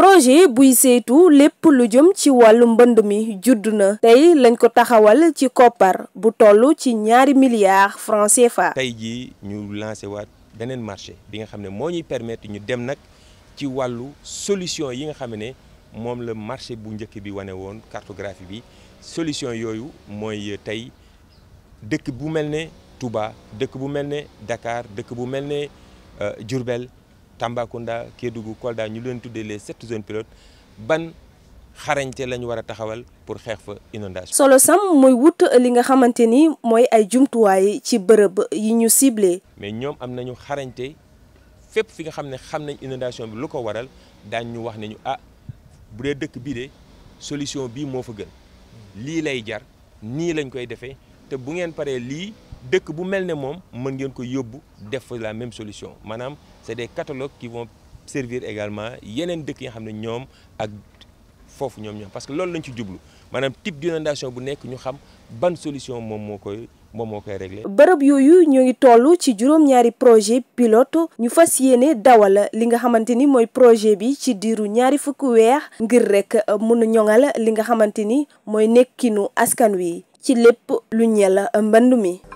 projet buy saytu lépp lu jëm ci wàllu mbënd mi judd na tey lañ ko taxawal ci koppar bu toll ci ñaari milliards franc CFA. tey ji ñu lancé waat beneen marché bi nga xam ne moo ñuy permettre ñu dem nag ci wàllu solution yi nga xam ne moom la marché bu njëkk bi wane woon cartographie bi solution yooyu mooy tey dëkk bu mel ne. Touba dëkk bu mel ne dakaar dëkk bu mel ne euh, Diourbel Tambacounda Kédougou Kolda ñu leen tuddee les sept zones pilotes ban xarañte la ñu war a taxawal pour xeex fa inondation solo sam mooy wut li nga xamante ni mooy ay jumtuwaay ci bërëb yi ñu sible mais ñoom am nañu xarañte fépp fi nga xam ne xam nañ inondation bi lu ko waral daañ ñu wax ne ñu ah bu dee dëkk bii de solution bii moo fa gën lii lay jar nii lañ koy defee te bu ngeen paree lii. dëkk bu mel ne moom mën ngeen ko yóbbu def la même solution maanaam c'est des catalogues qui vont servir également yeneen dëkk yi xam ne ñoom ak foofu ñoom ñoom parce que loolu lañ ci jublu maanaam type d'inondation bu nekk ñu xam ban solution moom moo koy moom moo koy réglé. bërëb yooyu ñoo ngi toll ci juróom-ñaari projet pilote ñu fas yéene dawal li nga xamante ni mooy projet bi ci diiru ñaari fukk weex ngir rek mun a ñoŋal li nga xamante ni mooy nekkinu askan wi ci lépp lu ñeel mbënd mi.